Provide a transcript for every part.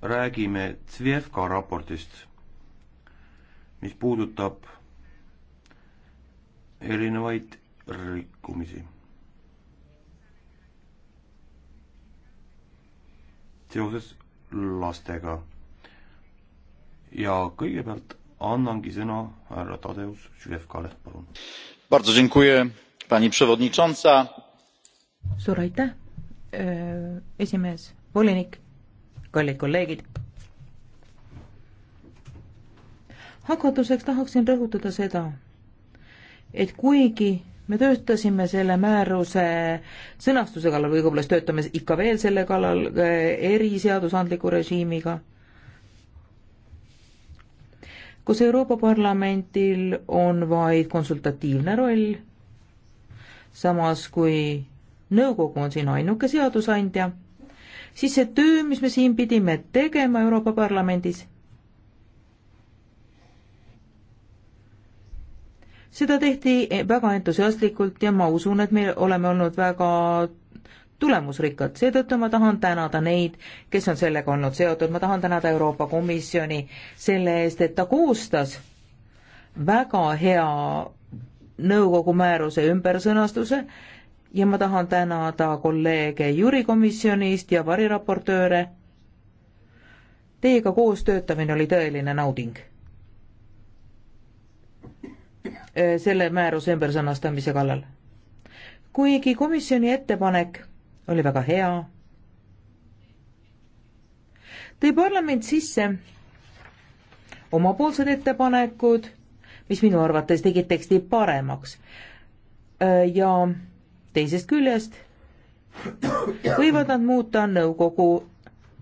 räägime Zvjevka raportist, mis puudutab erinevaid rikkumisi. seoses lastega. ja kõigepealt annangi sõna härra Tadeusz Zvjevkale, palun. Bardzo dziękuję, pani przewodnicząca. suur aitäh, e, esimees, volinik kallid kolleegid. hakatuseks tahaksin rõhutada seda, et kuigi me töötasime selle määruse sõnastuse kallal või võib-olla töötame ikka veel selle kallal eh, eriseadusandliku režiimiga, kus Euroopa Parlamentil on vaid konsultatiivne roll, samas kui nõukogu on siin ainuke seadusandja siis see töö, mis me siin pidime tegema Euroopa Parlamendis, seda tehti väga entusiastlikult ja ma usun, et me oleme olnud väga tulemusrikkad, seetõttu ma tahan tänada neid, kes on sellega olnud seotud, ma tahan tänada Euroopa Komisjoni selle eest, et ta koostas väga hea nõukogu määruse ümbersõnastuse äh, ja ma tahan tänada kolleege Jüri komisjonist ja variraportööre. Teiega koos töötamine oli tõeline nauding. selle määruse ümbersõnastamise kallal. kuigi komisjoni ettepanek oli väga hea, tõi parlament sisse omapoolsed ettepanekud, mis minu arvates tegid teksti paremaks ja teisest küljest võivad nad muuta nõukogu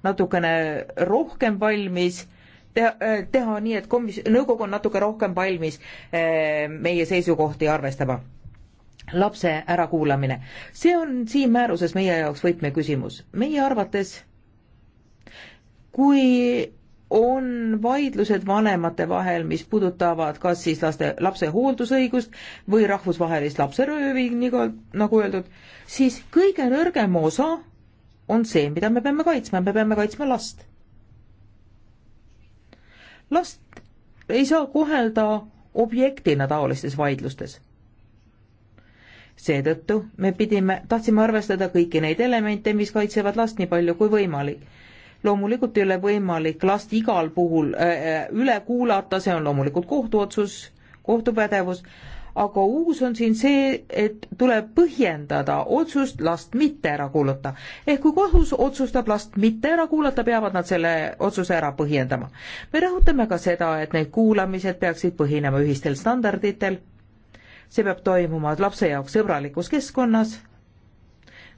natukene rohkem valmis teha, äh, teha nii, et komis-, nõukogu on natuke rohkem valmis äh, meie seisukohti arvestama. lapse ärakuulamine, see on siin määruses meie jaoks võtmeküsimus. meie arvates kui on vaidlused vanemate vahel, mis puudutavad kas siis laste, lapse hooldusõigust või rahvusvahelist lapseröövi, nagu, nagu öeldud, siis kõige nõrgem osa on see, mida me peame kaitsma, me peame kaitsma last. last ei saa kohelda objektina taolistes vaidlustes. seetõttu me pidime, tahtsime arvestada kõiki neid elemente, mis kaitsevad last nii palju kui võimalik loomulikult ei ole võimalik last igal puhul äh, äh, üle kuulata, see on loomulikult kohtuotsus, kohtupädevus, aga uus on siin see, et tuleb põhjendada otsust last mitte ära kuulata. ehk kui kohus otsustab last mitte ära kuulata, peavad nad selle otsuse ära põhjendama. me rõhutame ka seda, et need kuulamised peaksid põhinema ühistel standarditel, see peab toimuma lapse jaoks sõbralikus keskkonnas,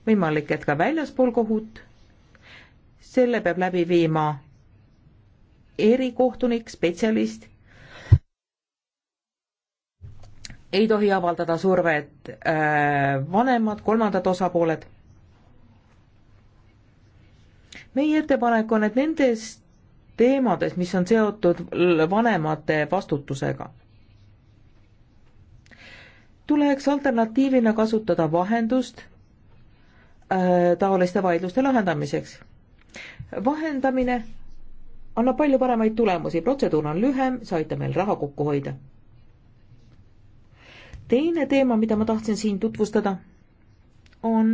võimalik, et ka väljaspool kohut selle peab läbi viima erikohtunik, spetsialist. ei tohi avaldada survet äh, vanemad, kolmandad osapooled. meie ettepanek on, et nendes teemades, mis on seotud vanemate vastutusega, tuleks alternatiivina kasutada vahendust äh, taoliste vaidluste lahendamiseks vahendamine annab palju paremaid tulemusi, protseduur on lühem, see aitab meil raha kokku hoida. teine teema, mida ma tahtsin siin tutvustada, on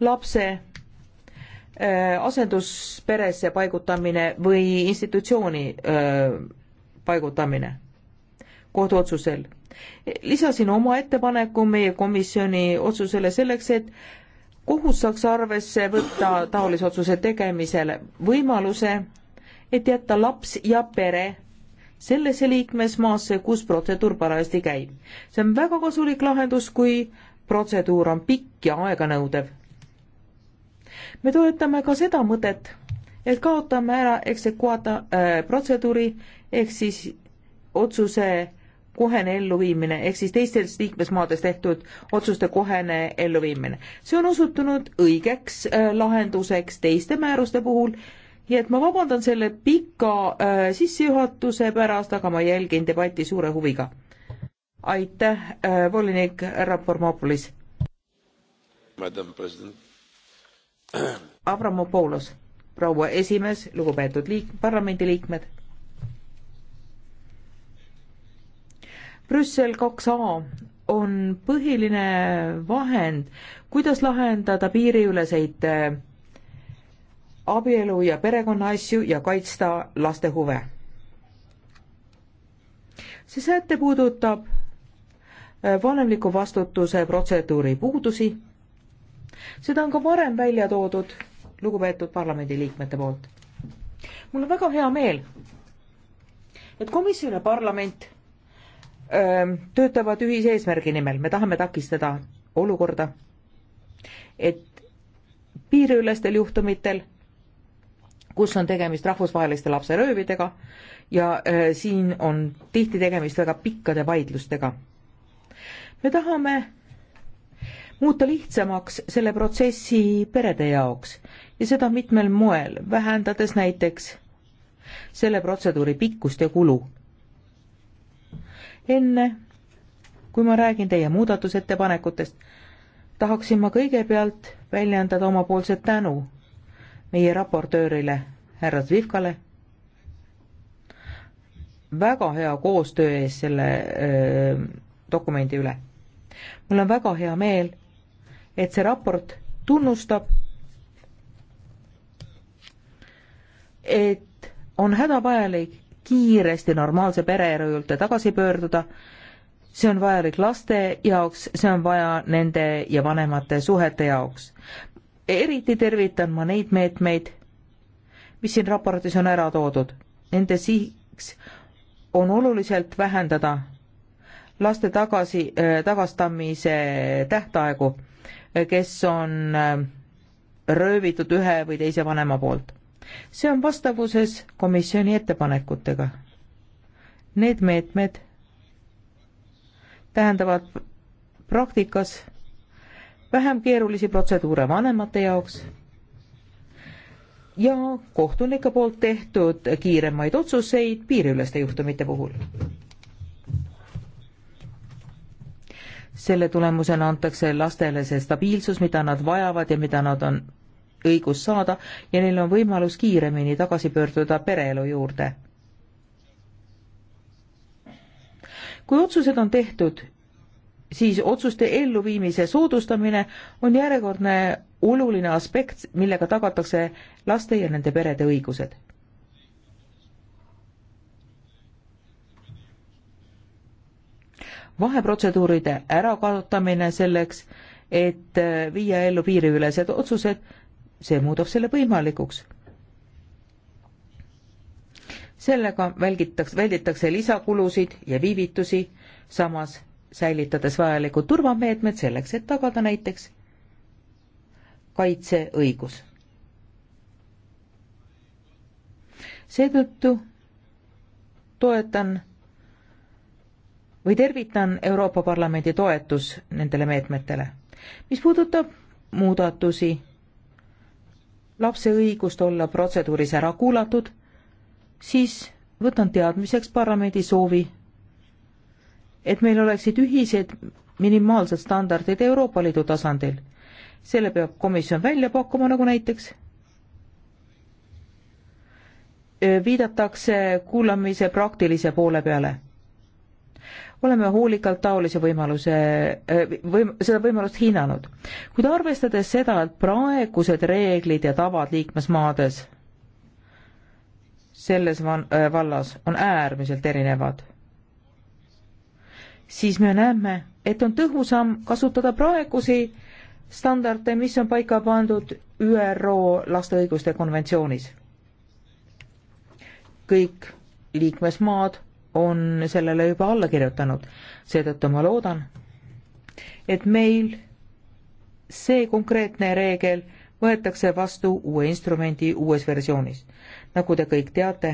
lapse äh, asendusperesse paigutamine või institutsiooni äh, paigutamine kohtuotsusel. lisasin oma ettepaneku meie komisjoni otsusele selleks, et kohus saaks arvesse võtta taolise otsuse tegemisel võimaluse, et jätta laps ja pere sellesse liikmesmaasse, kus protseduur parajasti käib. see on väga kasulik lahendus, kui protseduur on pikk ja aeganõudev. me toetame ka seda mõtet, et kaotame ära eksekuata- äh,, protseduuri ehk siis otsuse äh, kohene elluviimine ehk siis teistes liikmesmaades tehtud otsuste kohene elluviimine. see on osutunud õigeks äh, lahenduseks teiste määruste puhul, nii et ma vabandan selle pika äh, sissejuhatuse pärast, aga ma jälgin debatti suure huviga. aitäh äh,, volinik härra Formopolis. Abramopoulos, proua esimees, lugupeetud liik-, parlamendiliikmed Brüssel kaks A on põhiline vahend, kuidas lahendada piiriüleseid eh, abielu ja perekonna asju ja kaitsta laste huve. see säte puudutab eh, vanemliku vastutuse protseduuri puudusi. seda on ka varem välja toodud lugupeetud parlamendiliikmete poolt. mul on väga hea meel, et komisjon ja parlament töötavad ühise eesmärgi nimel, me tahame takistada olukorda, et piiriülestel juhtumitel, kus on tegemist rahvusvaheliste lapseröövidega ja äh, siin on tihti tegemist väga pikkade vaidlustega. me tahame muuta lihtsamaks selle protsessi perede jaoks ja seda mitmel moel, vähendades näiteks selle protseduuri pikkust ja kulu enne kui ma räägin teie muudatusettepanekutest, tahaksin ma kõigepealt väljendada omapoolset tänu meie raportöörile härra Zvivkale väga hea koostöö eest selle öö, dokumendi üle. mul on väga hea meel, et see raport tunnustab, et on hädavajalik kiiresti normaalse pereelu juurde tagasi pöörduda. see on vajalik laste jaoks, see on vaja nende ja vanemate suhete jaoks. eriti tervitan ma neid meetmeid, mis siin raportis on ära toodud. Nende sihiks on oluliselt vähendada laste tagasi, äh, tagastamise tähtaegu, äh, kes on äh, röövitud ühe või teise vanema poolt see on vastavuses komisjoni ettepanekutega. Need meetmed tähendavad praktikas vähem keerulisi protseduure vanemate jaoks ja kohtunike poolt tehtud kiiremaid otsuseid piiriüleste juhtumite puhul. selle tulemusena antakse lastele see stabiilsus, mida nad vajavad ja mida nad on õigus saada ja neil on võimalus kiiremini tagasi pöörduda pereelu juurde. kui otsused on tehtud, siis otsuste elluviimise soodustamine on järjekordne oluline aspekt, millega tagatakse laste ja nende perede õigused. vaheprotseduuride ärakaotamine selleks, et viia ellu piiriülesed otsused, see muudab selle võimalikuks. sellega välgitakse, välditakse lisakulusid ja viivitusi, samas säilitades vajalikud turvameetmed selleks, et tagada näiteks kaitseõigus. seetõttu toetan või tervitan Euroopa Parlamendi toetus nendele meetmetele. mis puudutab muudatusi lapse õigust olla protseduuris ära kuulatud, siis võtan teadmiseks parlamendi soovi, et meil oleksid ühised minimaalsed standardid Euroopa Liidu tasandil. selle peab komisjon välja pakkuma, nagu näiteks viidatakse kuulamise praktilise poole peale oleme hoolikalt taolise võimaluse, eh, võim-, seda võimalust hinnanud. kuid arvestades seda, et praegused reeglid ja tavad liikmesmaades selles van-, eh, vallas on äärmiselt erinevad, siis me näeme, et on tõhusam kasutada praegusi standarde, mis on paika pandud ÜRO laste õiguste konventsioonis. kõik liikmesmaad on sellele juba alla kirjutanud. seetõttu ma loodan, et meil see konkreetne reegel võetakse vastu uue instrumendi uues versioonis. nagu te kõik teate,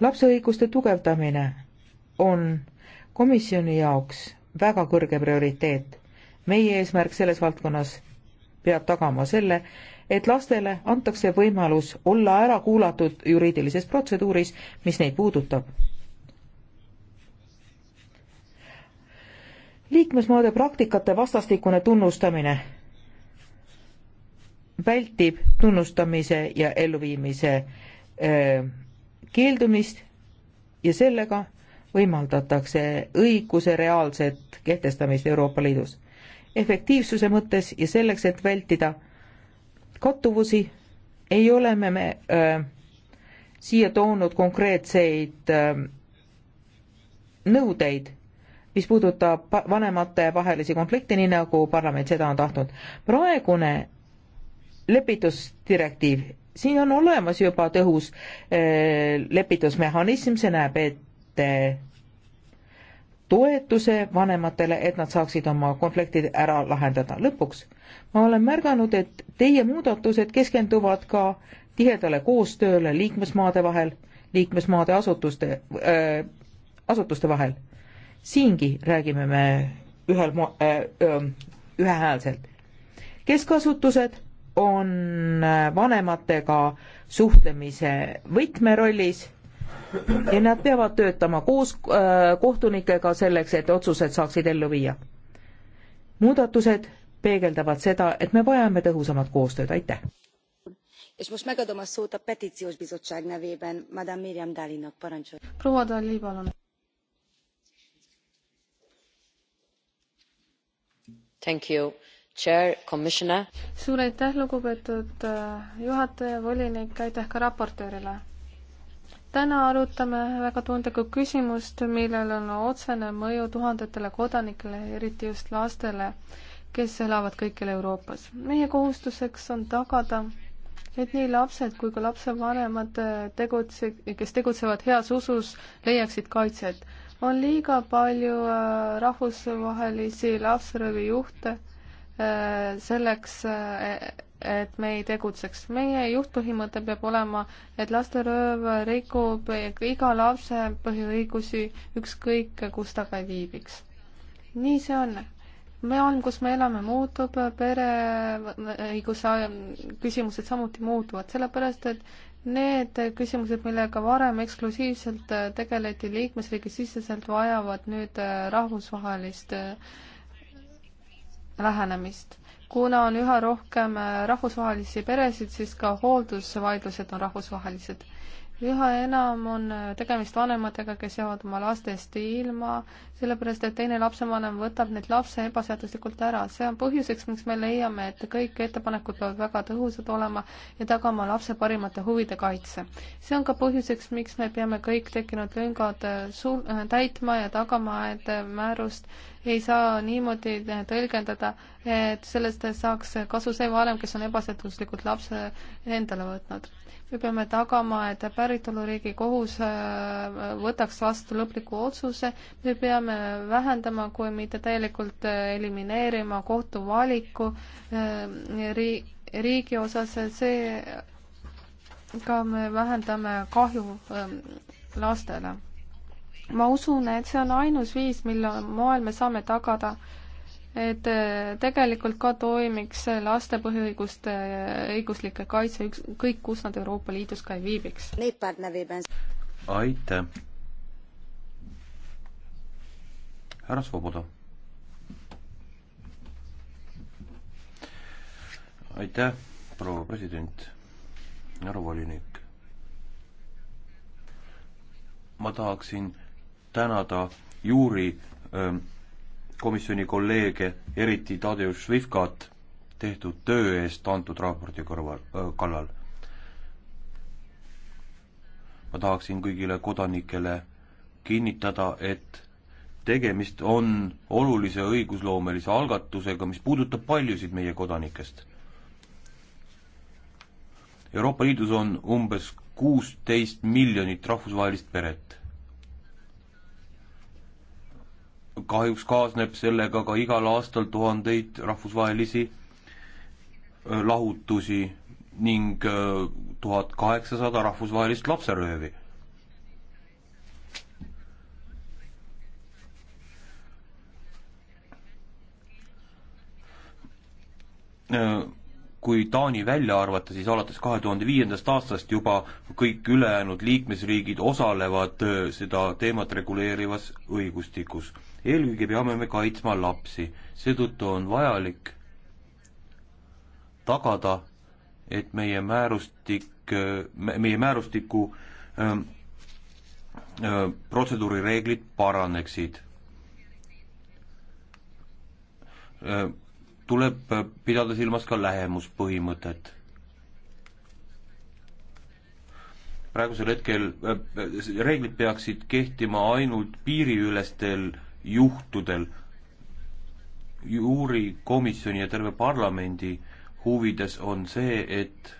lapse õiguste tugevdamine on komisjoni jaoks väga kõrge prioriteet. meie eesmärk selles valdkonnas peab tagama selle, et lastele antakse võimalus olla ära kuulatud juriidilises protseduuris, mis neid puudutab liikmesmaade praktikate vastastikune tunnustamine vältib tunnustamise ja elluviimise keeldumist ja sellega võimaldatakse õiguse reaalset kehtestamist Euroopa Liidus. efektiivsuse mõttes ja selleks, et vältida kattuvusi, ei ole me, me öö, siia toonud konkreetseid öö, nõudeid mis puudutab vanematevahelisi konflikte, nii nagu parlament seda on tahtnud. praegune lepitusdirektiiv, siin on olemas juba tõhus eh, lepitusmehhanism, see näeb ette toetuse vanematele, et nad saaksid oma konfliktid ära lahendada. lõpuks ma olen märganud, et teie muudatused keskenduvad ka tihedale koostööle liikmesmaade vahel, liikmesmaade asutuste äh,, asutuste vahel siingi räägime me ühel mo-, äh, ühehäälselt. keskasutused on äh, vanematega suhtlemise võtmerollis ja nad peavad töötama koos äh, kohtunikega selleks, et otsused saaksid ellu viia. muudatused peegeldavad seda, et me vajame tõhusamat koostööd, aitäh! és most megadom a szót a petciós bizottság nevében madame miriam dallinak parancsoljon. proua dalli palun! suur aitäh, lugupeetud äh, juhataja, volinik, aitäh ka raportöörile. täna arutame väga tundlikku küsimust, millel on otsene mõju tuhandetele kodanikele, eriti just lastele, kes elavad kõikjal Euroopas. meie kohustuseks on tagada, et nii lapsed kui ka lapsevanemad tegutse-, kes tegutsevad heas usus, leiaksid kaitset on liiga palju äh, rahvusvahelisi lapsröövijuhte äh, selleks, äh, et me ei tegutseks. meie juhtpõhimõte peab olema, et lasterööv rikub iga lapse põhiõigusi, ükskõik kus ta ka ei viibiks. nii see on. maailm, kus me elame, muutub, pereõiguse küsimused samuti muutuvad, sellepärast et Need küsimused, millega varem eksklusiivselt äh, tegeleti liikmesriigi siseselt, vajavad nüüd äh, rahvusvahelist äh, lähenemist. kuna on üha rohkem rahvusvahelisi peresid, siis ka hooldusvaidlused on rahvusvahelised. üha enam on tegemist vanematega, kes jäävad oma lastest ilma sellepärast, et teine lapsevanem võtab neid lapse ebaseaduslikult ära. see on põhjuseks, miks me leiame, et kõik ettepanekud peavad väga tõhusad olema ja tagama lapse parimate huvide kaitse. see on ka põhjuseks, miks me peame kõik tekkinud lüngad äh, sul-, äh, täitma ja tagama, et äh, määrust ei saa niimoodi tõlgendada, et sellest saaks kasu see vanem, kes on ebaseaduslikult lapse endale võtnud me peame tagama, et päritoluriigi kohus võtaks vastu lõpliku otsuse, me peame peame vähendama, kui mitte täielikult äh, elimineerima kohtuvaliku äh, ri-, riigi osas, seega me vähendame kahju ähm, lastele. ma usun, et see on ainus viis, mille moel me saame tagada, et äh, tegelikult ka toimiks laste põhiõiguste õiguslike kaitse ükskõik, kus nad Euroopa Liidus ka ei viibiks. aitäh! härra Svoboda. aitäh, proua president, härra volinik. ma tahaksin tänada juuri ähm, komisjoni kolleege, eriti Tadeusz Švivkat, tehtud töö eest antud raporti kõrval äh,, kallal. ma tahaksin kõigile kodanikele kinnitada, et tegemist on olulise õigusloomelise algatusega, mis puudutab paljusid meie kodanikest. Euroopa Liidus on umbes kuusteist miljonit rahvusvahelist peret. kahjuks kaasneb sellega ka igal aastal tuhandeid rahvusvahelisi lahutusi ning tuhat kaheksasada rahvusvahelist lapseröövi Äh, kui Taani välja arvata, siis alates kahe tuhande viiendast aastast juba kõik ülejäänud liikmesriigid osalevad äh, seda teemat reguleerivas õigustikus. eelkõige peame me kaitsma lapsi, seetõttu on vajalik tagada, et meie määrustik, äh, meie määrustiku ähm, äh, protseduurireeglid paraneksid äh, tuleb pidada silmas ka lähemuspõhimõtet. praegusel hetkel äh, reeglid peaksid kehtima ainult piiriülestel juhtudel. juurikomisjoni ja terve parlamendi huvides on see, et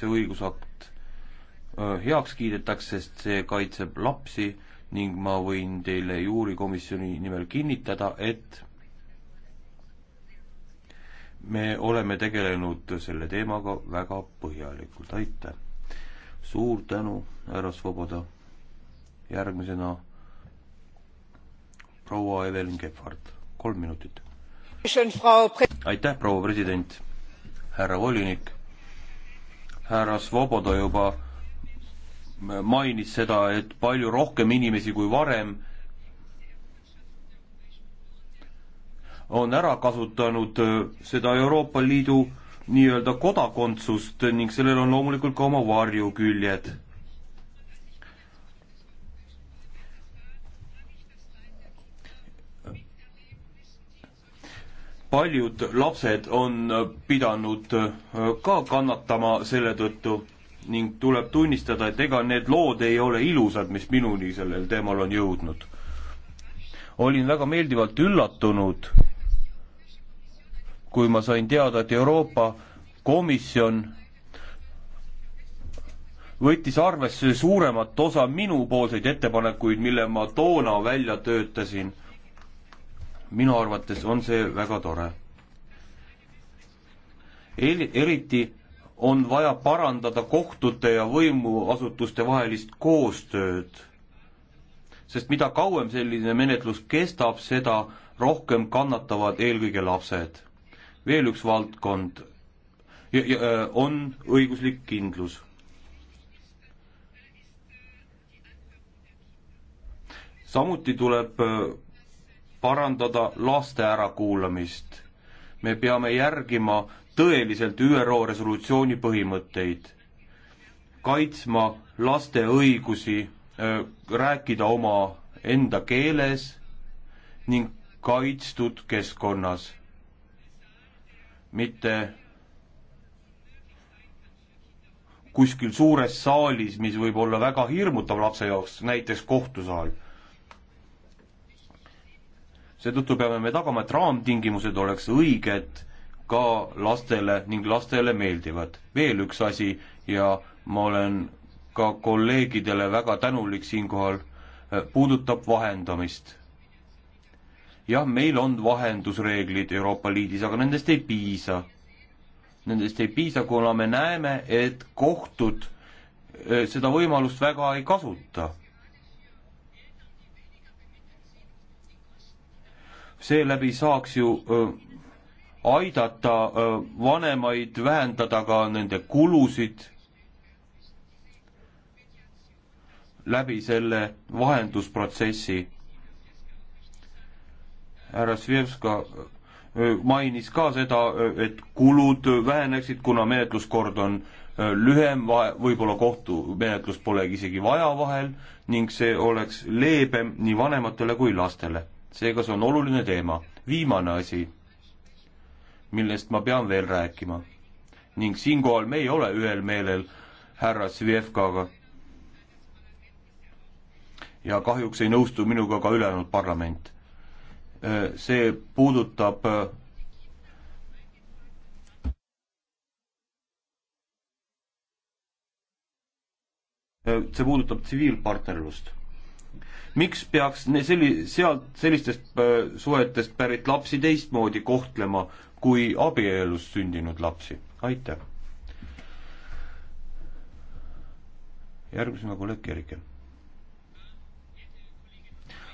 see õigusakt äh, heaks kiidetaks, sest see kaitseb lapsi ning ma võin teile juurikomisjoni nimel kinnitada, et me oleme tegelenud selle teemaga väga põhjalikult, aitäh! suur tänu, härra Svoboda! järgmisena proua Evelyn Gebhardt, kolm minutit. aitäh, proua president, härra volinik, härra Svoboda juba mainis seda, et palju rohkem inimesi kui varem on ära kasutanud äh, seda Euroopa Liidu nii-öelda kodakondsust ning sellel on loomulikult ka oma varjuküljed. paljud lapsed on pidanud äh, ka kannatama selle tõttu ning tuleb tunnistada, et ega need lood ei ole ilusad, mis minuni sellel teemal on jõudnud. olin väga meeldivalt üllatunud kui ma sain teada, et Euroopa Komisjon võttis arvesse suuremat osa minupoolseid ettepanekuid, mille ma toona välja töötasin. minu arvates on see väga tore. eriti on vaja parandada kohtute ja võimuasutuste vahelist koostööd. sest mida kauem selline menetlus kestab, seda rohkem kannatavad eelkõige lapsed veel üks valdkond ja, ja, äh, on õiguslik kindlus. samuti tuleb äh, parandada laste ärakuulamist. me peame järgima tõeliselt ÜRO resolutsiooni põhimõtteid, kaitsma laste õigusi äh, rääkida oma enda keeles ning kaitstud keskkonnas mitte kuskil suures saalis, mis võib olla väga hirmutav lapse jaoks, näiteks kohtusaal. seetõttu peame me tagama, et raamtingimused oleks õiged ka lastele ning lastele meeldivad. veel üks asi ja ma olen ka kolleegidele väga tänulik siinkohal, puudutab vahendamist jah, meil on vahendusreeglid Euroopa Liidis, aga nendest ei piisa. Nendest ei piisa, kuna me näeme, et kohtud eh, seda võimalust väga ei kasuta. seeläbi saaks ju eh, aidata eh, vanemaid vähendada ka nende kulusid läbi selle vahendusprotsessi härra Svjevska äh, mainis ka seda, äh, et kulud väheneksid, kuna menetluskord on äh, lühem, võib-olla kohtumenetlust polegi isegi vaja vahel ning see oleks leebem nii vanematele kui lastele. seega see on oluline teema. viimane asi, millest ma pean veel rääkima ning siinkohal me ei ole ühel meelel härra Svjevkaga. ja kahjuks ei nõustu minuga ka ülejäänud parlament Äh, see puudutab äh, see puudutab tsiviilpartnerlust. miks peaks selli-, sealt, sellistest äh, suhetest pärit lapsi teistmoodi kohtlema kui abielus sündinud lapsi? aitäh. järgmisena kolleeg Kerike.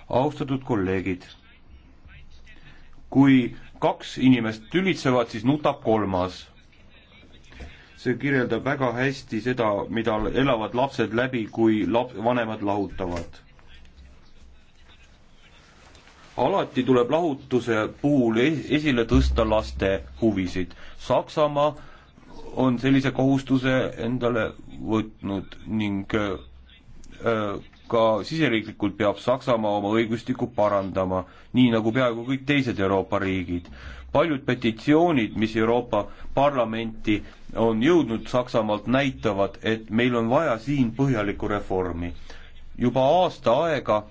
austatud kolleegid kui kaks inimest tülitsevad, siis nutab kolmas. see kirjeldab väga hästi seda, mida elavad lapsed läbi, kui lap-, vanemad lahutavad. alati tuleb lahutuse puhul e-, esile tõsta laste huvisid. Saksamaa on sellise kohustuse endale võtnud ning öö, äh, ka siseriiklikult peab Saksamaa oma õigustikku parandama, nii nagu peaaegu kõik teised Euroopa riigid. paljud petitsioonid, mis Euroopa Parlamenti on jõudnud Saksamaalt, näitavad, et meil on vaja siin põhjalikku reformi. juba aasta aega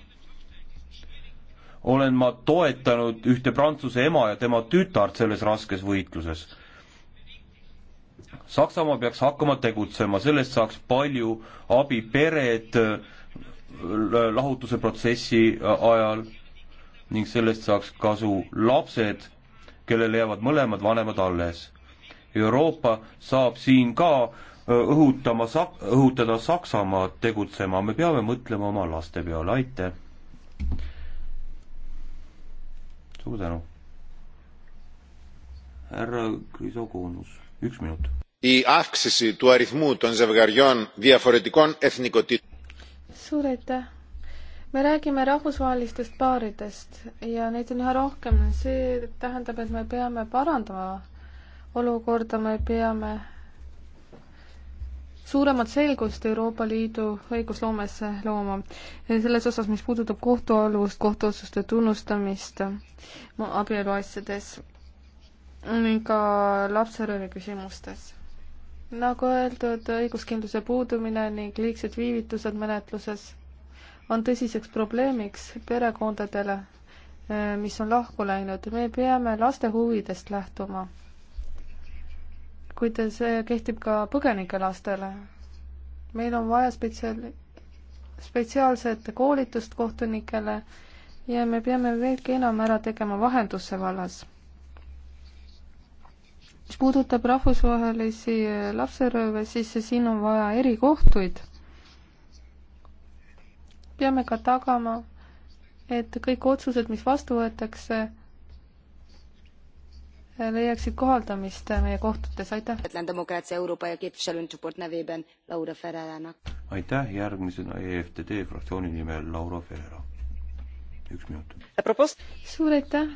olen ma toetanud ühte prantsuse ema ja tema tütart selles raskes võitluses. Saksamaa peaks hakkama tegutsema, sellest saaks palju abi, pered, lahutuse protsessi äh, ajal ning sellest saaks kasu lapsed, kellele jäävad mõlemad vanemad alles. Euroopa saab siin ka äh, õhutama, õhutada Saksamaad tegutsema, me peame mõtlema oma laste peale, aitäh! suur tänu! härra Krisokoonus, üks minut. Η αύξηση του αριθμού των ζευγαριών διαφορετικών εθνικοτήτων suur aitäh! me räägime rahvusvahelistest paaridest ja neid on üha rohkem, see tähendab, et me peame parandama olukorda, me peame suuremat selgust Euroopa Liidu õigusloomesse looma. selles osas, mis puudutab kohtualust, kohtuotsuste tunnustamist abieluasjades ning ka lapserööri küsimustes nagu öeldud, õiguskindluse puudumine ning liigsed viivitused menetluses on tõsiseks probleemiks perekondadele, eh, mis on lahku läinud. me peame laste huvidest lähtuma. kuid see kehtib ka põgenike lastele. meil on vaja spetsiaal-, spetsiaalset koolitust kohtunikele ja me peame veelgi enam ära tegema vahenduse vallas mis puudutab rahvusvahelisi lapserööve, siis siin on vaja erikohtuid. peame ka tagama, et kõik otsused, mis vastu võetakse, leiaksid kohaldamist meie kohtutes, aitäh. aitäh, järgmisena EFTD fraktsiooni nimel Laura Ferrera. üks minut. suur aitäh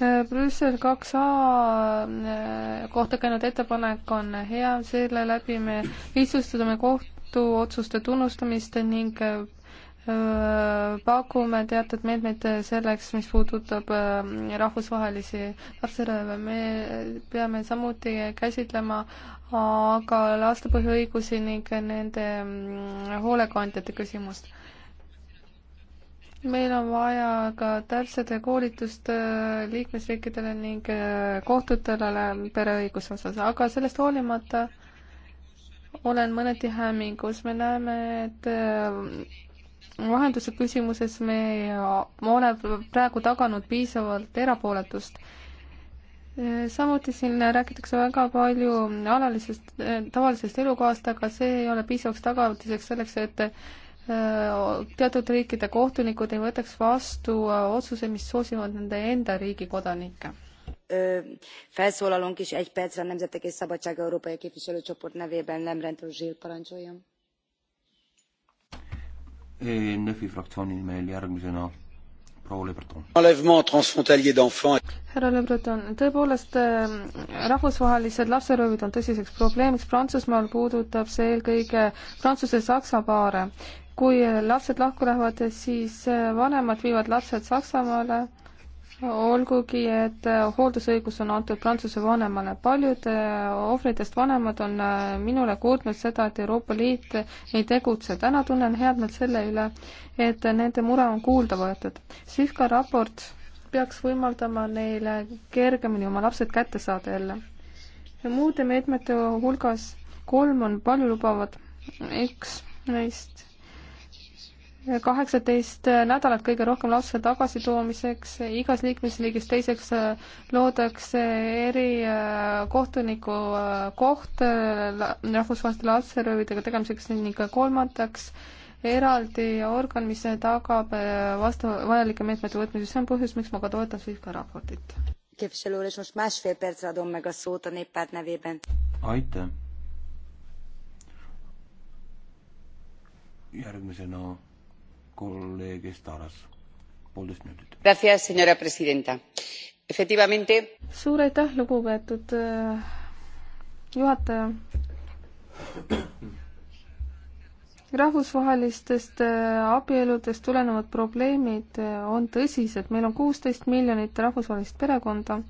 Brüssel kaks A äh, kohta käinud ettepanek on hea, selle läbi me lihtsustame kohtuotsuste tunnustamist ning äh, pakume teatud meetmeid selleks, mis puudutab äh, rahvusvahelisi lapserõve. me peame samuti käsitlema aga laste põhiõigusi ning nende mm, hoolekandjate küsimust meil on vaja ka täpset koolitust äh, liikmesriikidele ning äh, kohtutele pereõiguse osas, aga sellest hoolimata olen mõneti hämmingus, me näeme, et lahenduse äh, küsimuses me ole praegu taganud piisavalt erapooletust. samuti siin räägitakse väga palju alalisest, tavalisest elukohast, aga see ei ole piisavaks tagatiseks selleks, et teatud riikide kohtunikud ei võtaks vastu äh, otsuse, mis soosivad nende enda riigi kodanikke. Felszólalónk is egy percre a Nemzetek és Szabadság Európai Képviselőcsoport nevében Lemrentről Zsill parancsoljon. ENF-i fraktsiooni nimel järgmisena proua Le Breton. härra Le Breton, tõepoolest äh, rahvusvahelised lapseröövid on tõsiseks probleemiks, Prantsusmaal puudutab see eelkõige Prantsuse-Saksa paare kui lapsed lahku lähevad, siis vanemad viivad lapsed Saksamaale, olgugi et hooldusõigus on antud Prantsuse vanemale. paljud ohvritest vanemad on minule kuulnud seda, et Euroopa Liit ei tegutse. täna tunnen head meelt selle üle, et nende mure on kuulda võetud. SÜFKA raport peaks võimaldama neile kergemini oma lapsed kätte saada jälle. muude meetmete hulgas kolm on paljulubavad, üks neist kaheksateist nädalat kõige rohkem lapse tagasitoomiseks, igas liikmesriigis teiseks äh, loodakse eri äh, kohtuniku äh, koht rahvusvaheliste lapseröövidega tegemiseks ning kolmandaks eraldi organ, mis tagab vastu, vajalike meetmete võtmise, see on põhjus, miks ma ka toetan SWIFT-i raportit. aitäh. järgmisena no kolleeg Estaras, poolteist minutit. suur aitäh, lugupeetud äh, juhataja rahvusvahelistest äh, abieludest tulenevad probleemid äh, on tõsised, meil on kuusteist miljonit rahvusvahelist perekonda,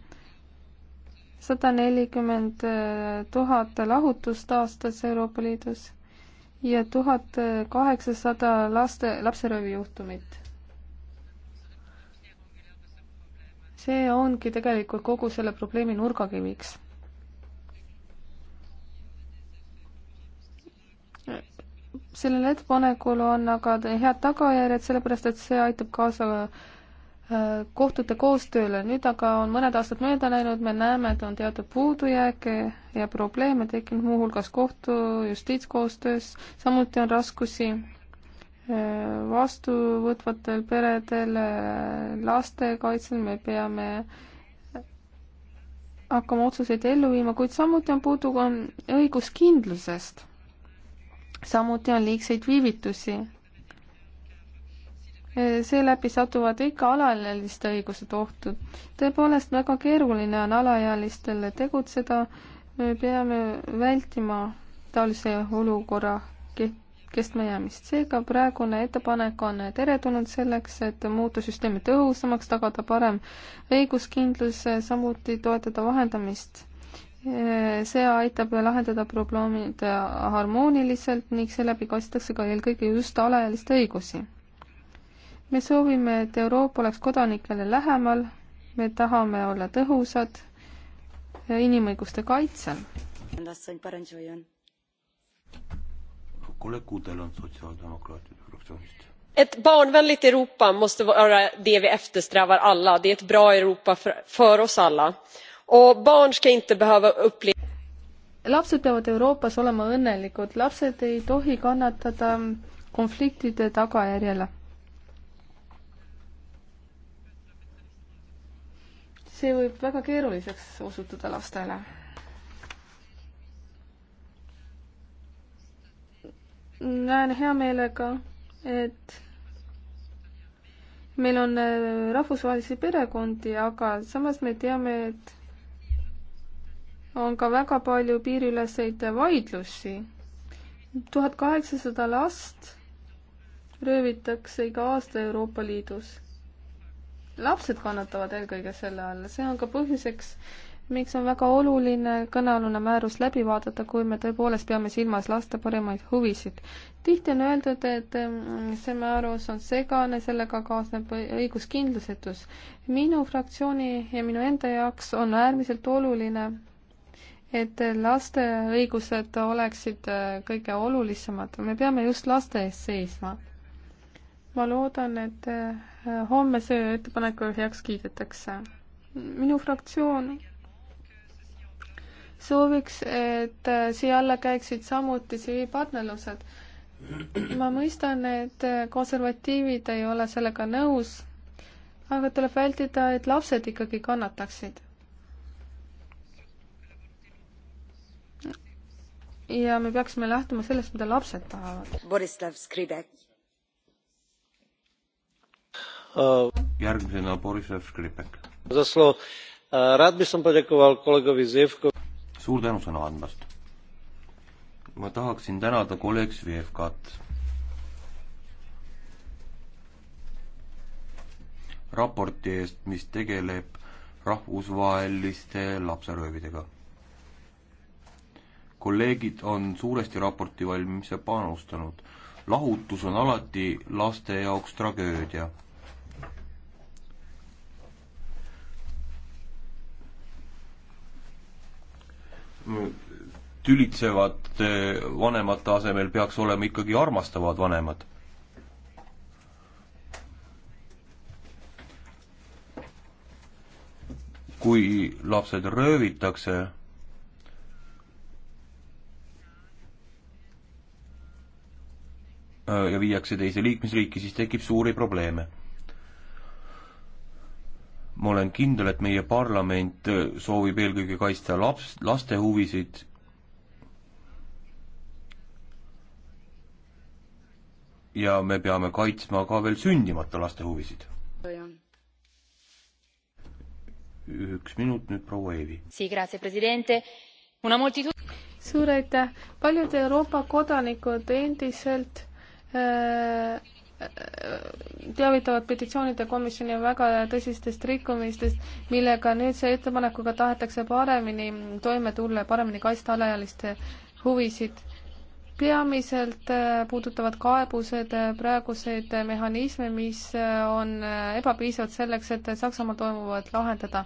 sada nelikümmend tuhat lahutust aastas Euroopa Liidus ja tuhat kaheksasada laste, lapseröövijuhtumit. see ongi tegelikult kogu selle probleemi nurgakiviks. sellel ettepanekul on aga head tagajärjed, sellepärast et see aitab kaasa kohtute koostööle. nüüd aga on mõned aastad mööda läinud, me näeme, et on teatud puudujääke ja probleeme tekkinud muuhulgas kohtu, justiitskoostöös, samuti on raskusi äh, vastuvõtvatel peredel, äh, laste kaitsel, me peame hakkama otsuseid ellu viima, kuid samuti on puudu ka õiguskindlusest. samuti on liigseid viivitusi seeläbi satuvad ikka alaealiste õigused ohtu. tõepoolest, väga keeruline on alaealistel tegutseda, me peame vältima taolise olukorra kestma jäämist. seega praegune ettepanek on teretulnud selleks, et muuta süsteemi tõhusamaks, tagada parem õiguskindlus, samuti toetada vahendamist. see aitab lahendada probleemid harmooniliselt ning seeläbi kaitstakse ka eelkõige just alaealiste õigusi me soovime, et Euroopa oleks kodanikele lähemal, me tahame olla tõhusad inimõiguste kaitsel. kolleeg Kudel on sotsiaaldemokraatide fraktsioonist ett barnvänligt europa måste vara det vi eftersträvar alla det är ett bra europa för, för oss alla och barn ska inte behöva uppleva lapsed peavad Euroopas olema õnnelikud, lapsed ei tohi kannatada konfliktide tagajärjel. see võib väga keeruliseks osutuda lastele. näen hea meelega, et meil on äh, rahvusvahelisi perekondi, aga samas me teame, et on ka väga palju piiriüleseid vaidlusi. tuhat kaheksasada last röövitakse iga aasta Euroopa Liidus lapsed kannatavad eelkõige selle all, see on ka põhjuseks, miks on väga oluline kõnealune määrus läbi vaadata, kui me tõepoolest peame silmas laste parimaid huvisid. tihti on öeldud, et mm, see määrus on segane, sellega kaasneb õiguskindlusetus. minu fraktsiooni ja minu enda jaoks on äärmiselt oluline, et laste õigused oleksid äh, kõige olulisemad, me peame just laste eest seisma. ma loodan, et äh, homme see ettepanek heaks kiidetakse. minu fraktsioon sooviks, et siia alla käiksid samuti tsiviilpartnerlused. ma mõistan, et konservatiivid ei ole sellega nõus, aga tuleb vältida, et lapsed ikkagi kannataksid. ja me peaksime lähtuma sellest, mida lapsed tahavad. Borislav Skribek järgmisena Borisev Skripek. Rád by som poďakoval kolegovi Zjevkovi. suur tänu sõna andmast. ma tahaksin tänada kolleeg Zvjevkat. raporti eest, mis tegeleb rahvusvaheliste lapseröövidega. kolleegid on suuresti raporti valmimisse panustanud. lahutus on alati laste jaoks tragöödia tülitsevad eh, vanemate asemel peaks olema ikkagi armastavad vanemad. kui lapsed röövitakse, eh, ja viiakse teise liikmesriiki, siis tekib suuri probleeme ma olen kindel, et meie parlament äh, soovib eelkõige kaitsta laps, laste huvisid ja me peame kaitsma ka veel sündimata laste huvisid. üks minut nüüd proua Eevi. suur aitäh, paljud Euroopa kodanikud endiselt äh, teavitavad petitsioonide komisjoni väga tõsistest rikkumistest, millega nüüd see ettepanekuga tahetakse paremini toime tulla ja paremini kaitsta alaealiste huvisid. peamiselt äh, puudutavad kaebused äh, praeguseid mehhanisme, mis äh, on ebapiisavad selleks, et Saksamaal toimuvat lahendada.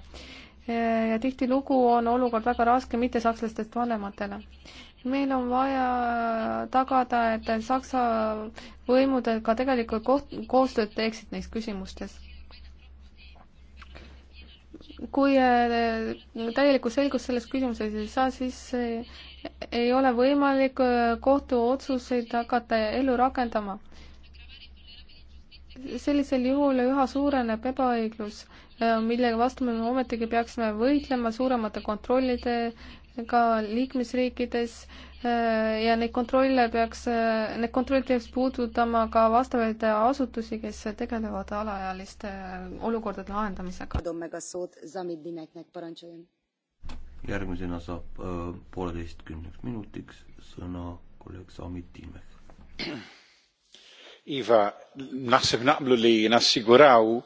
ja tihtilugu on olukord väga raske mittesakslastest vanematele meil on vaja tagada, et Saksa võimud ka tegelikult koht-, koostööd teeksid neis küsimustes. kui äh, täielikku selgust selles küsimuses ei saa, siis äh, ei ole võimalik äh, kohtuotsuseid hakata ellu rakendama sellisel juhul üha suureneb ebaõiglus, mille vastu me ometigi peaksime võitlema suuremate kontrollide ka liikmesriikides äh, ja neid kontrolle peaks, äh, need kontroll peaks puudutama ka vastavaid asutusi, kes tegelevad alaealiste äh, olukordade lahendamisega. järgmisena saab äh, pooleteistkümneks minutiks sõna kolleeg Samit Tiimek. Iva, nasseb nabluli nassigurau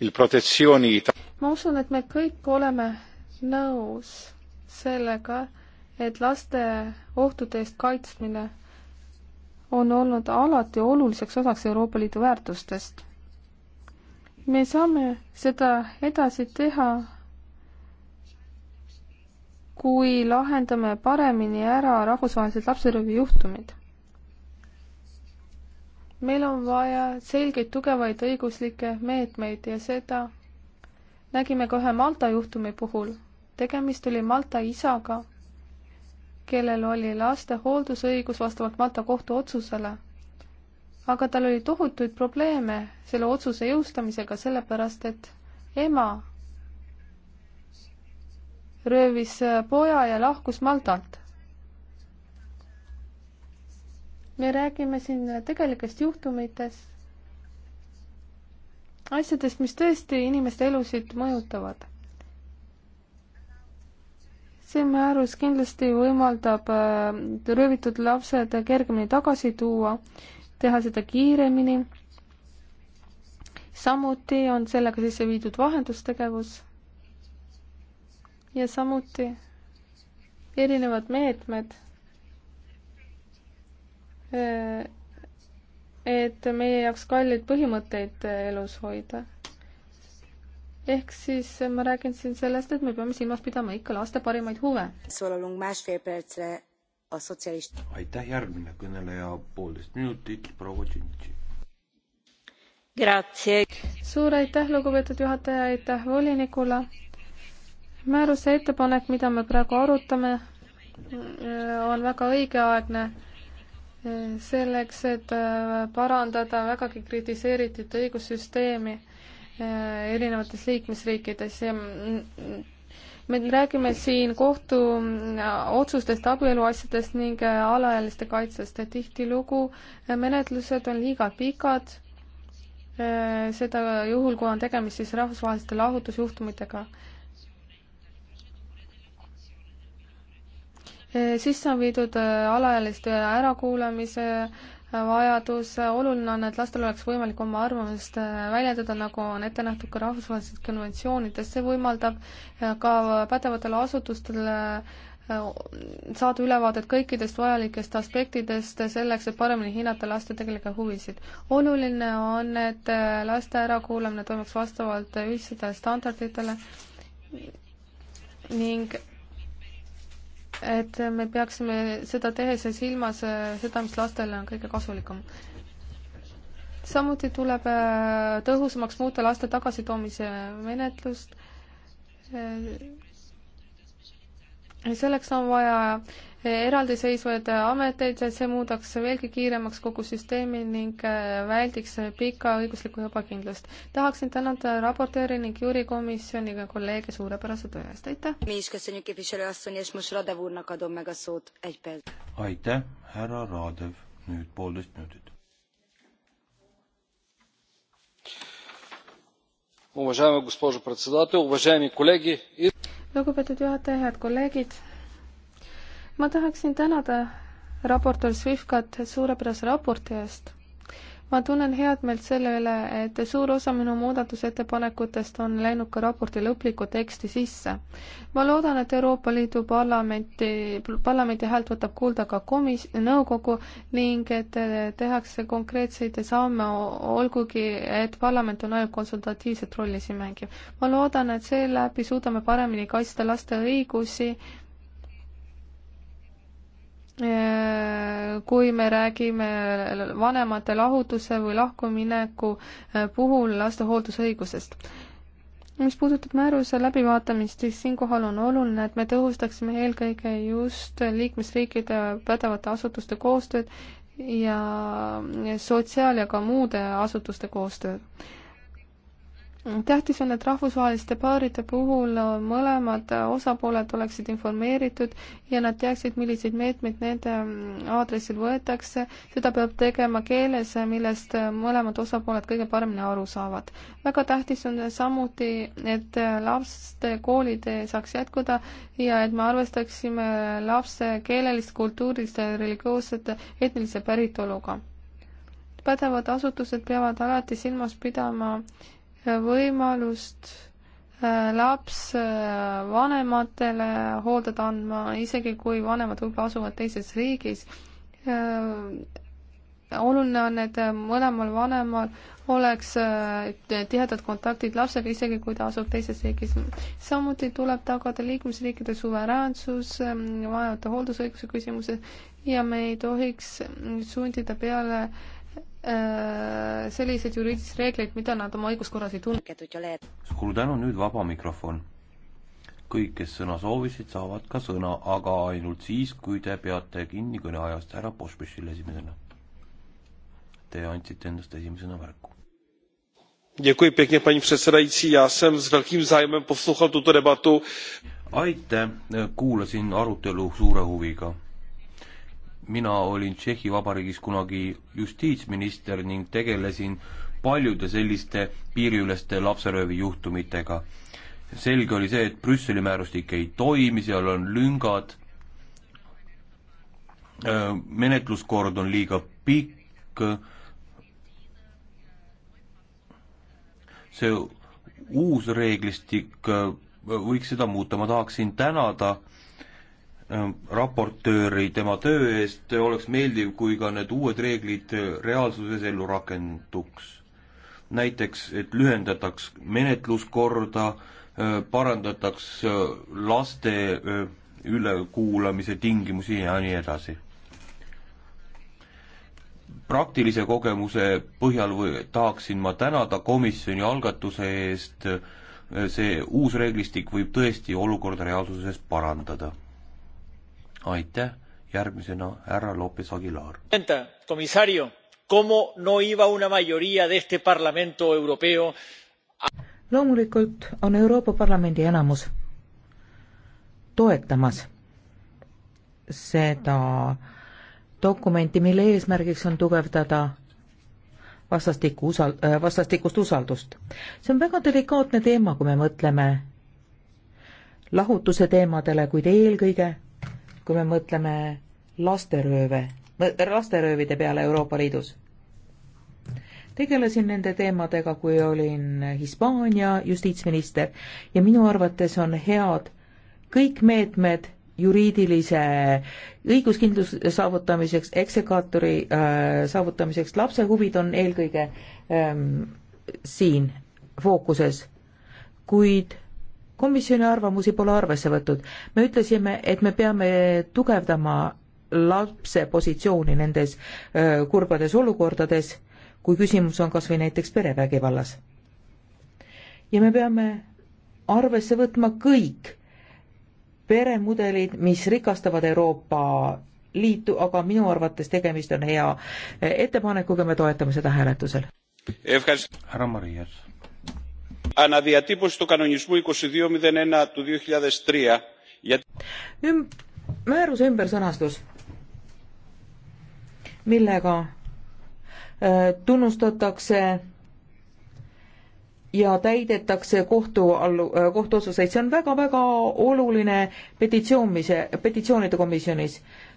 il protektsiooni. ma usun, et me kõik oleme nõus sellega, et laste ohtude eest kaitsmine on olnud alati oluliseks osaks Euroopa Liidu väärtustest. me saame seda edasi teha, kui lahendame paremini ära rahvusvahelised lapseröövi juhtumid. meil on vaja selgeid tugevaid õiguslikke meetmeid ja seda nägime ka ühe Malta juhtumi puhul tegemist oli Malta isaga, kellel oli laste hooldusõigus vastavalt Malta kohtu otsusele. aga tal oli tohutuid probleeme selle otsuse jõustamisega, sellepärast et ema röövis poja ja lahkus Maltalt. me räägime siin tegelikest juhtumitest, asjadest, mis tõesti inimeste elusid mõjutavad see määrus kindlasti võimaldab äh, röövitud lapsed kergemini tagasi tuua, teha seda kiiremini. samuti on sellega sisse viidud vahendustegevus ja samuti erinevad meetmed, äh, et meie jaoks kalleid põhimõtteid äh, elus hoida ehk siis ma räägin siin sellest, et me peame silmas pidama ikka laste parimaid huve. aitäh, järgmine kõneleja, poolteist minutit, proua Tšintši. suur aitäh, lugupeetud juhataja, aitäh volinikule. määruse ettepanek, mida me praegu arutame, on väga õigeaegne selleks, et parandada vägagi kritiseeritud õigussüsteemi Äh, erinevates liikmesriikides ja me räägime siin kohtuotsustest, äh, abieluasjadest ning äh, alaealiste kaitsest. tihtilugu menetlused on liiga pikad, seda juhul, kui on tegemist siis rahvusvaheliste lahutusjuhtumitega. sisse on viidud alaealiste ärakuulamise vajadus, oluline on, et lastel oleks võimalik oma arvamust äh, väljendada, nagu on ette nähtud ka rahvusvahelistes konventsioonides, see võimaldab äh, ka pädevatele asutustele äh, saada ülevaadet kõikidest vajalikest aspektidest selleks, et paremini hinnata laste tegelikke huvisid. oluline on, et laste ärakuulamine toimuks vastavalt üldistele standarditele ning et me peaksime seda tehes ja silmas seda, mis lastele on kõige kasulikum. samuti tuleb äh, tõhusamaks muuta laste tagasitoomise menetlust äh, selleks on vaja eraldiseisvaid ameteid, see muudaks veelgi kiiremaks kogu süsteemi ning äh, väldiks pika õiguslikku ebakindlust. tahaksin tänada raportööri ning juurikomisjoni kolleege suurepärase töö eest, aitäh! aitäh, härra Raadev, nüüd poolteist minutit. Уважаема госпожо председател, уважаеми колеги! lugupeetud juhataja, head kolleegid. ma tahaksin tänada raportöör Svifkat suurepärase raporti eest ma tunnen head meelt selle üle, et suur osa minu muudatusettepanekutest on läinud ka raporti lõplikku teksti sisse. ma loodan, et Euroopa Liidu parlamenti, parlamendi häält võtab kuulda ka komis-, nõukogu ning et tehakse konkreetseid samme, olgugi et parlament on ainult konsultatiivset rolli siin mängiv. ma loodan, et seeläbi suudame paremini kaitsta laste õigusi Äh, kui me räägime vanemate lahutuse või lahkumineku äh, puhul laste hooldusõigusest. mis puudutab määruse läbivaatamist, siis siinkohal on oluline, et me tõhustaksime eelkõige just liikmesriikide pädevate asutuste koostööd ja sotsiaal- ja ka muude asutuste koostööd tähtis on, et rahvusvaheliste paaride puhul mõlemad osapooled oleksid informeeritud ja nad teaksid, milliseid meetmeid nende ähm, aadressil võetakse. seda peab tegema keeles, millest mõlemad osapooled kõige paremini aru saavad. väga tähtis on samuti, et laste koolitee saaks jätkuda ja et me arvestaksime lapse keelelist, kultuurilist, religioosset, etnilise päritoluga. pädevad asutused peavad alati silmas pidama võimalust äh, laps äh, vanematele hooldada andma, isegi kui vanemad võib-olla asuvad teises riigis. Äh, oluline on, et mõlemal vanemal oleks tihedad kontaktid lapsega, isegi kui ta asub teises riigis. samuti tuleb tagada liikmesriikide suveräänsus, ähm, vanemate hooldusõiguse küsimused ja me ei tohiks sundida peale äh, Äh, selliseid juriidilisi reegleid, mida nad oma õiguskorras ei tunne. suur tänu, nüüd vaba mikrofon. kõik, kes sõna soovisid, saavad ka sõna, aga ainult siis, kui te peate kinni kõneajast härra Pospešil esimesena. Te andsite endast esimesena märku. Děkuji pěkně, paní předsedající. Já jsem s velkým zájmem poslouchal tuto debatu. Aitäh, kuulasin arutelu suure huviga mina olin Tšehhi Vabariigis kunagi justiitsminister ning tegelesin paljude selliste piiriüleste lapseröövijuhtumitega. selge oli see, et Brüsseli määrustik ei toimi, seal on lüngad, äh, menetluskord on liiga pikk, see uus reeglistik äh, võiks seda muuta, ma tahaksin tänada äh, Äh, raportööri tema töö eest, oleks meeldiv, kui ka need uued reeglid reaalsuses ellu rakenduks. näiteks, et lühendataks menetluskorda, äh, parandataks äh, laste ülekuulamise tingimusi ja nii edasi. praktilise kogemuse põhjal või tahaksin ma tänada komisjoni algatuse eest, see uus reeglistik võib tõesti olukorda reaalsuses parandada aitäh, järgmisena härra Lopez Aguilar. komissario, como no iba una mayoría de este parlamento europeo loomulikult on Euroopa Parlamendi enamus toetamas seda dokumenti, mille eesmärgiks on tugevdada vastastikku usal-, äh, vastastikust usaldust. see on väga delikaatne teema, kui me mõtleme lahutuse teemadele, kuid eelkõige kui me mõtleme lasterööve, lasteröövide peale Euroopa Liidus. tegelesin nende teemadega, kui olin Hispaania justiitsminister ja minu arvates on head kõik meetmed juriidilise õiguskindluse saavutamiseks, eksekaatori äh, saavutamiseks, lapse huvid on eelkõige ähm, siin fookuses, kuid komisjoni arvamusi pole arvesse võtnud. me ütlesime, et me peame tugevdama lapse positsiooni nendes kurbades olukordades, kui küsimus on kas või näiteks perevägivallas. ja me peame arvesse võtma kõik peremudelid, mis rikastavad Euroopa Liitu, aga minu arvates tegemist on hea e, ettepanekuga, me toetame seda hääletusel. härra Marias αναδιατύπωση του κανονισμού 2201 του 2003 για... Üm... määruse ümbersõnastus, millega äh, tunnustatakse ja täidetakse kohtu allu-, äh, kohtuotsuseid, see on väga-väga oluline petitsioon, mis, petitsioonide komisjonis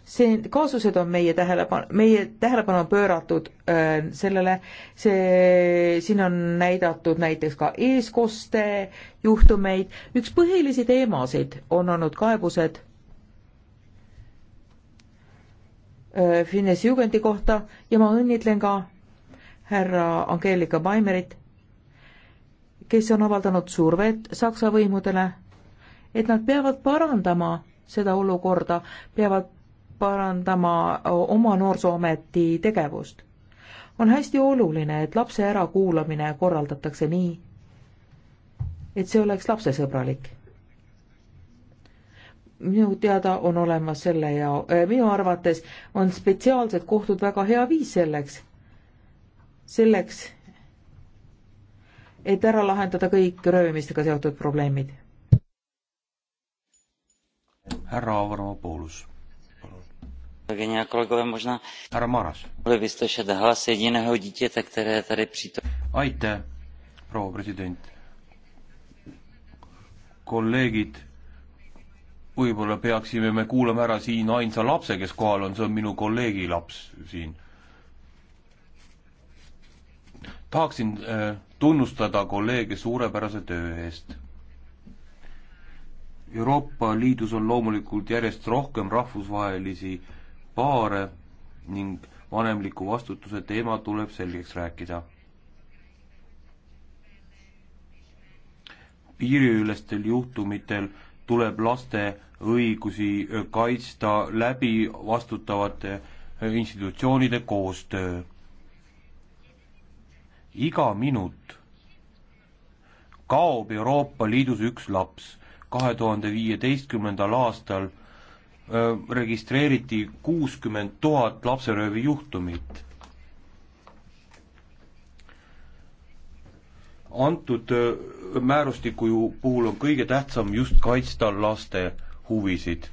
see, kaasused on meie tähelepanu, meie tähelepanu on pööratud öö, äh, sellele, see, siin on näidatud näiteks ka eeskoste juhtumeid, üks põhilisi teemasid on olnud kaebused äh, Finnes Jugendi kohta ja ma õnnitlen ka härra Angeelika Baimerit, kes on avaldanud survet Saksa võimudele, et nad peavad parandama seda olukorda, peavad parandama oma Noorsooameti tegevust. on hästi oluline, et lapse ärakuulamine korraldatakse nii, et see oleks lapsesõbralik. minu teada on olemas selle ja eh, minu arvates on spetsiaalsed kohtud väga hea viis selleks, selleks, et ära lahendada kõik röövimistega seotud probleemid. härra Avramopoulos Kolegyně a kolegové, možná härra Maaras. oli vyslyšet hlas jediného dítěte, které je tady přítomné. Aitäh, proua president. kolleegid, võib-olla peaksime me kuulama ära siin ainsa lapse, kes kohal on, see on minu kolleegi laps siin. tahaksin äh, tunnustada kolleege suurepärase töö eest Euroopa Liidus on loomulikult järjest rohkem rahvusvahelisi paare ning vanemliku vastutuse teema tuleb selgeks rääkida. piiriülestel juhtumitel tuleb laste õigusi kaitsta läbi vastutavate institutsioonide koostöö. iga minut kaob Euroopa Liidus üks laps. kahe tuhande viieteistkümnendal aastal registreeriti kuuskümmend tuhat lapseröövi juhtumit. antud määrustiku puhul on kõige tähtsam just kaitsta laste huvisid.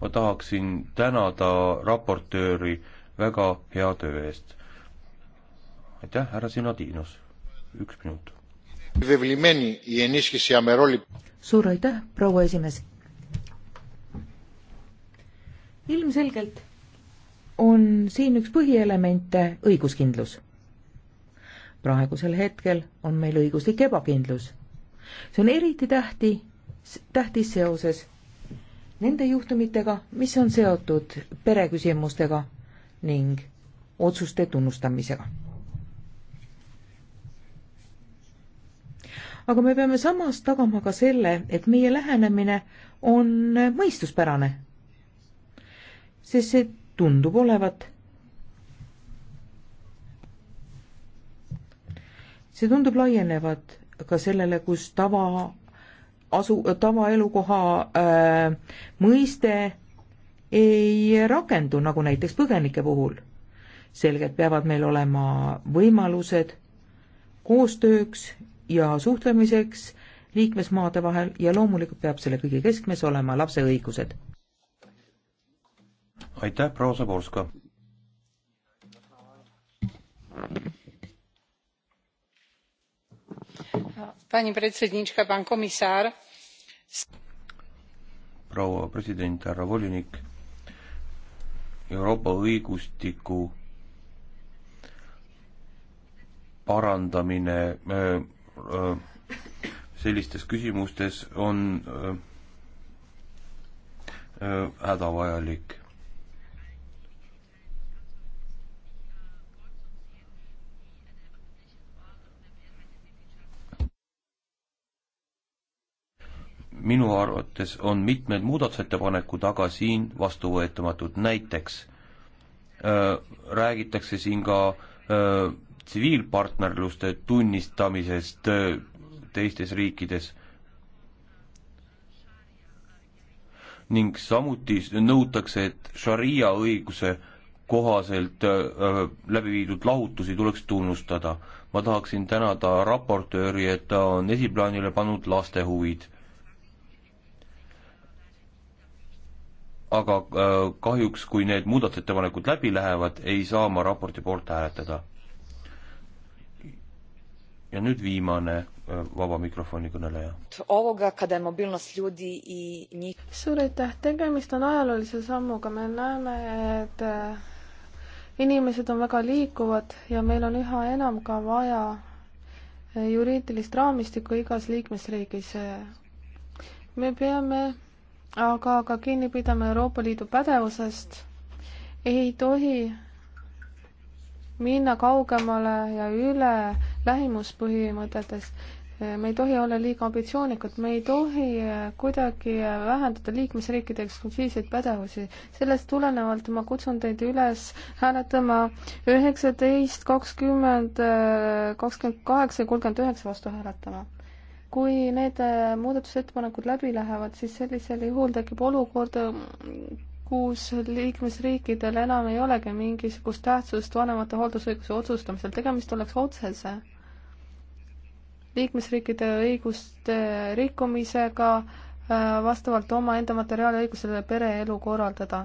ma tahaksin tänada raportööri väga hea töö eest. aitäh, härra Sinadinos, üks minut. suur aitäh, proua esimees ilmselgelt on siin üks põhielemente õiguskindlus. praegusel hetkel on meil õiguslik ebakindlus. see on eriti tähti, tähtis seoses nende juhtumitega, mis on seotud pereküsimustega ning otsuste tunnustamisega. aga me peame samas tagama ka selle, et meie lähenemine on mõistuspärane sest see tundub olevat see tundub laienevat ka sellele, kus tava asu, tavaelukoha äh, mõiste ei rakendu, nagu näiteks põgenike puhul. selgelt peavad meil olema võimalused koostööks ja suhtlemiseks liikmesmaade vahel ja loomulikult peab selle kõige keskmes olema lapse õigused aitäh, proua Zaborska! pani predsedníčka pán komisár proua president härra volinik euroopa õigustiku parandamine öö, äh, öö, äh, sellistes küsimustes on äh, hädavajalik minu arvates on mitmed muudatusettepanekud aga siin vastuvõetamatud, näiteks äh, räägitakse siin ka tsiviilpartnerluste äh, tunnistamisest äh, teistes riikides ning samuti nõutakse, et šaria õiguse kohaselt äh, läbi viidud lahutusi tuleks tunnustada. ma tahaksin tänada raportööri, et ta on esiplaanile pannud laste huvid. aga äh, kahjuks, kui need muudatusettepanekud läbi lähevad, ei saa ma raporti poolt hääletada. ja nüüd viimane äh, vaba mikrofoni kõneleja. suur aitäh, tegemist on ajaloolise sammuga, me näeme, et äh, inimesed on väga liikuvad ja meil on üha enam ka vaja juriidilist raamistikku igas liikmesriigis. me peame aga ka kinni pidama Euroopa Liidu pädevusest, ei tohi minna kaugemale ja üle lähimuspõhimõtetes. me ei tohi olla liiga ambitsioonikad, me ei tohi kuidagi vähendada liikmesriikide eksklusiivseid pädevusi. sellest tulenevalt ma kutsun teid üles hääletama üheksateist, kakskümmend, kakskümmend kaheksa ja kolmkümmend üheksa vastu hääletama kui need äh, muudatusettepanekud läbi lähevad, siis sellisel juhul tekib olukord, mm, kus liikmesriikidel enam ei olegi mingisugust tähtsust vanemate hooldusõiguse otsustamisel, tegemist oleks otsese liikmesriikide õiguste rikkumisega äh, vastavalt omaenda materiaalõigusele pereelu korraldada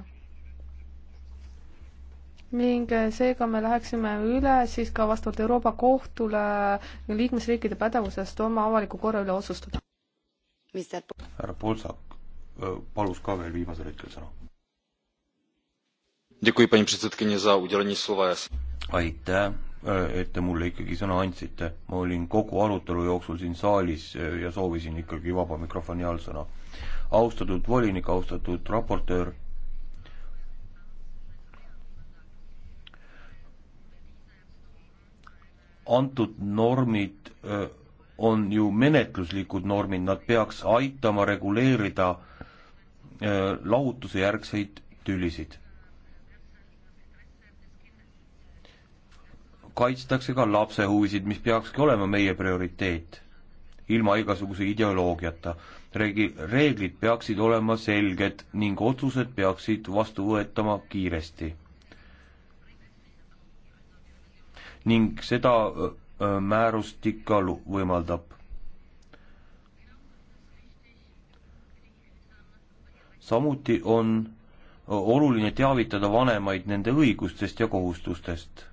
ning äh, seega me läheksime üle siis ka vastavalt Euroopa Kohtule liikmesriikide pädevusest oma avaliku korra üle otsustada. härra Polsak äh, palus ka veel viimasel hetkel sõna. aitäh, äh, et te mulle ikkagi sõna andsite. ma olin kogu arutelu jooksul siin saalis ja soovisin ikkagi vaba mikrofoni all sõna. austatud volinik, austatud raportöör antud normid on ju menetluslikud normid, nad peaks aitama reguleerida lahutuse järgseid tülisid. kaitstakse ka lapse huvisid, mis peakski olema meie prioriteet, ilma igasuguse ideoloogiata. Regi-, reeglid peaksid olema selged ning otsused peaksid vastu võetama kiiresti ning seda määrustik ka võimaldab. samuti on oluline teavitada vanemaid nende õigustest ja kohustustest.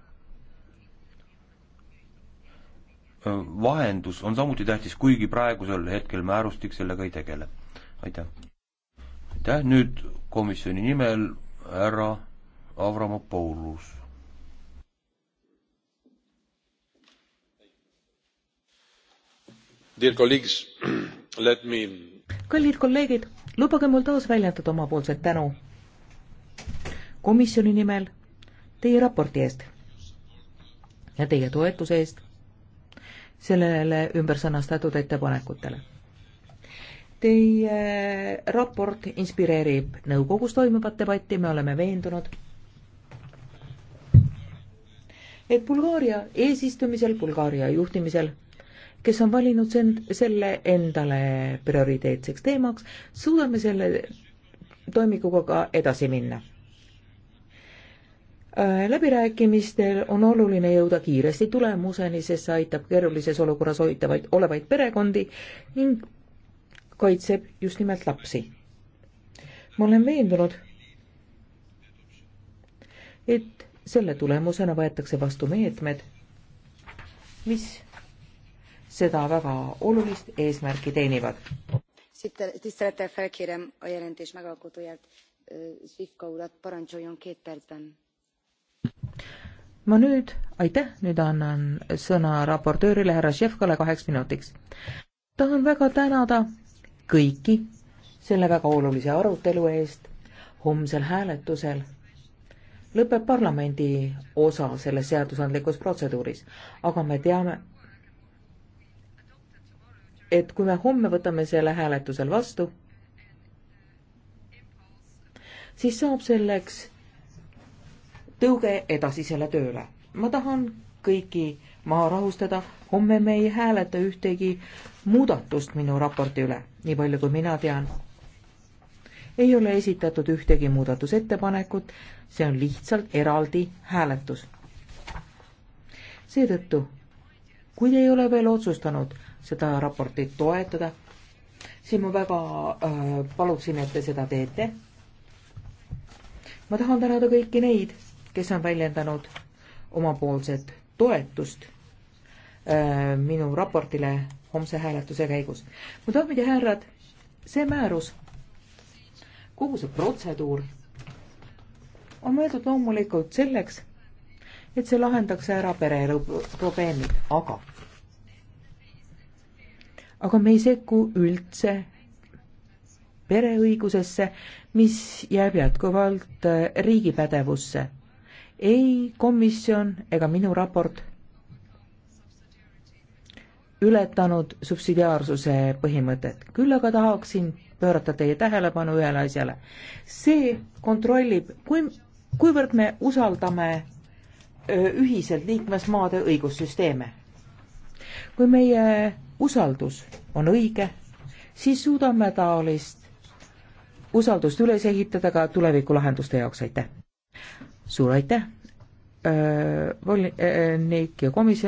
vahendus on samuti tähtis, kuigi praegusel hetkel määrustik sellega ei tegele. aitäh. aitäh, nüüd komisjoni nimel härra Avramopoulos me... kallid kolleegid, lubage mul taas väljendada omapoolset tänu komisjoni nimel teie raporti eest ja teie toetuse eest sellele ümber sõnastatud ettepanekutele. Teie raport inspireerib nõukogus toimuvat debatti, me oleme veendunud, et Bulgaaria eesistumisel, Bulgaaria juhtimisel kes on valinud sen-, selle endale prioriteetseks teemaks, suudame selle toimikuga ka edasi minna. Äh, läbirääkimistel on oluline jõuda kiiresti tulemuseni, sest see aitab keerulises olukorras hoitavaid, olevaid perekondi ning kaitseb just nimelt lapsi. ma olen veendunud, et selle tulemusena võetakse vastu meetmed, mis seda väga olulist eesmärki teenivad. tisztelettel felkérem a jelentés megalkotóját, Zvivka urat, parancsoljon két percben. ma nüüd, aitäh, nüüd annan sõna raportöörile härra Šefkale kaheks minutiks. tahan väga tänada kõiki selle väga olulise arutelu eest homsel hääletusel lõpeb parlamendi osa selles seadusandlikus protseduuris, aga me teame, et kui me homme võtame selle hääletusel vastu, siis saab selleks tõuge edasisele tööle. ma tahan kõiki maha rahustada, homme me ei hääleta ühtegi muudatust minu raporti üle, nii palju kui mina tean. ei ole esitatud ühtegi muudatusettepanekut, see on lihtsalt eraldi hääletus. seetõttu, kui te ei ole veel otsustanud, seda raportit toetada. siin ma väga äh, paluksin, et te seda teete. ma tahan tänada kõiki neid, kes on väljendanud omapoolset toetust äh, minu raportile homse hääletuse käigus. mu daamid ja härrad, see määrus, kogu see protseduur on mõeldud loomulikult selleks, et see lahendaks ära pereelu probleemid, aga aga me ei sekku üldse pereõigusesse, mis jääb jätkuvalt äh, riigi pädevusse. ei komisjon ega minu raport ületanud subsidiaarsuse põhimõtet, küll aga tahaksin pöörata teie tähelepanu ühele asjale. see kontrollib, kui, kuivõrd me usaldame ühiselt liikmesmaade õigussüsteeme. kui meie usaldus on õige, siis suudame taolist usaldust üles ehitada ka tulevikulahenduste jaoks, aitäh! suur aitäh! Äh, volinik äh, äh, ja komisjon